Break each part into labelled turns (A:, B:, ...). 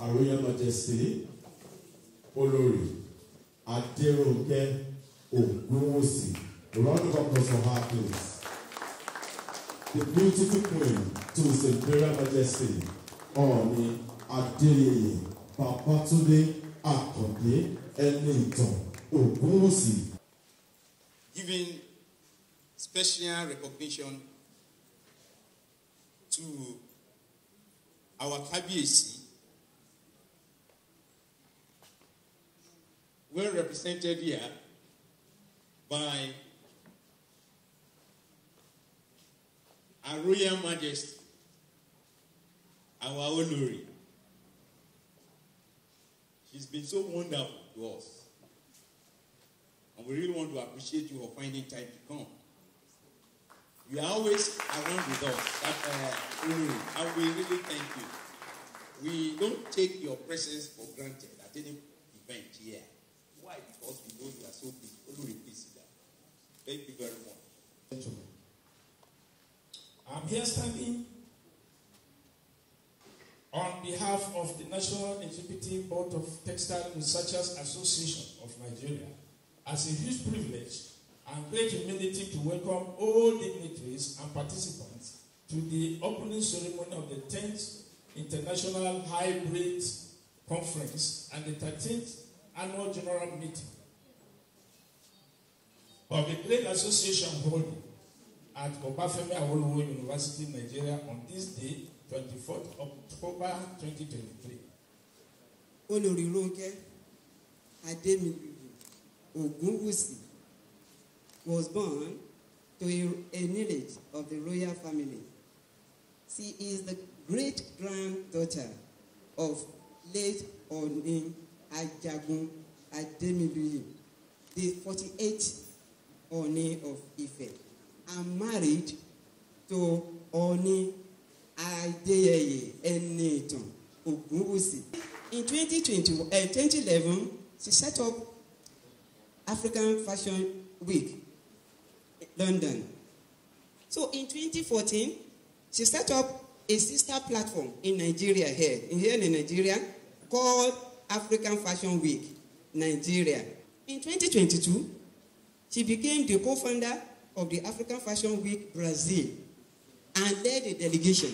A: Her Royal Majesty Olori Aderonke Ogunwusi. Round of applause for her, please. The beautiful queen to His Imperial Majesty Ọ̀ọ̀ni Adéyẹyẹ Babatunde Akande Ẹnìtàn Ògúnwùsì. Giving special recognition to our Kábíyèsí well represented here by our Royal Majesty, our Honorary. She's been so wonderful to us. And we really want to appreciate you for finding time to come. You are always around with us. That, uh, and we really thank you. We don't take your presence for granted at any event here. Why? Because we know you are so big. Only repeat that. Thank
B: you very much. Gentlemen, I'm here standing on behalf of the National Executive Board of Textile Researchers Association of Nigeria as a huge privilege and great humility to welcome all dignitaries and participants to the opening ceremony of the 10th International Hybrid Conference and the 13th annual general meeting of the Trade Association holding at Obafemi Awolowo University, Nigeria on this day, 24th October 2023. Olórí Ronke
C: Ademiluyi Ogunwusi was born to a, a lineage of the royal family. She is the great-granddaughter of late or named Ajagun Ademiluyi, the 48th Oni of Ife, and married to Oni Adeyeye Enitan Ogunwusi. In 2011, eh, she set up African Fashion Week, London. So in 2014, she set up a sister platform in Nigeria here, here in Nigeria, called African Fashion Week, Nigeria. In 2022, she became the co-founder of the African Fashion Week Brazil and led a delegation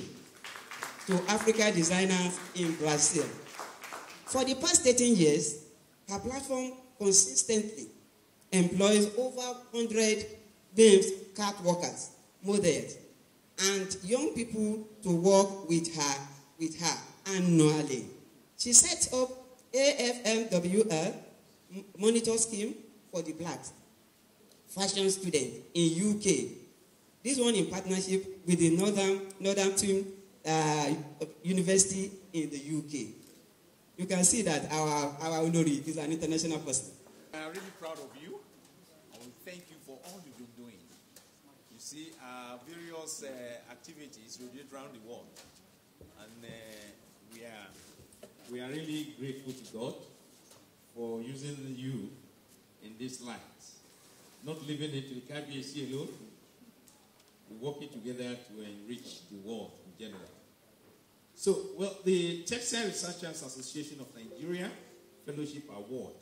C: to Africa designers in Brazil. For the past 13 years, her platform consistently employs over 100 names cart workers, models, and young people to work with her, with her annually. She set up AFMWL monitor scheme for the black fashion students in UK. This one in partnership with the Northern, Northern Team uh, University in the UK. You can see that our, our is an international person.
A: I'm really proud of you. I want to thank you for all you've been doing. You see, uh, various uh, activities did around the world, and uh, we are we are really grateful to God for using you in this light. Not leaving it to KBAC alone, we're working together to enrich the world in general. So, well, the Textile Researchers Association of Nigeria Fellowship Award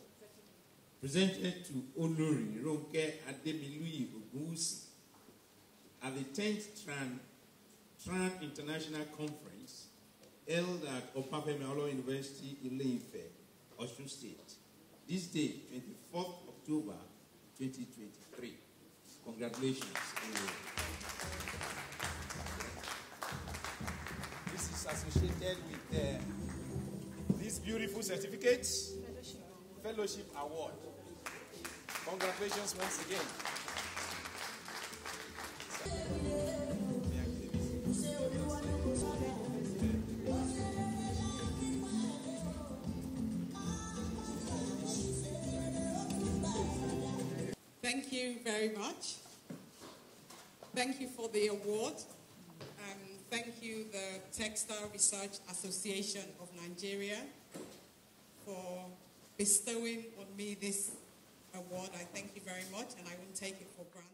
A: presented to Olori Ronke Ademilui Ogunwusi at the 10th Tran, Tran International Conference held at Opapemelo University in Leife, Osun State, this day, 24th October 2023. Congratulations. This is associated with uh, this beautiful certificate, Fellowship Award. Congratulations once again. Thank you very much.
C: Thank you for the award. And um, thank you, the Textile Research Association of Nigeria, for
A: bestowing on me this award. I thank you very much, and I will take it for granted.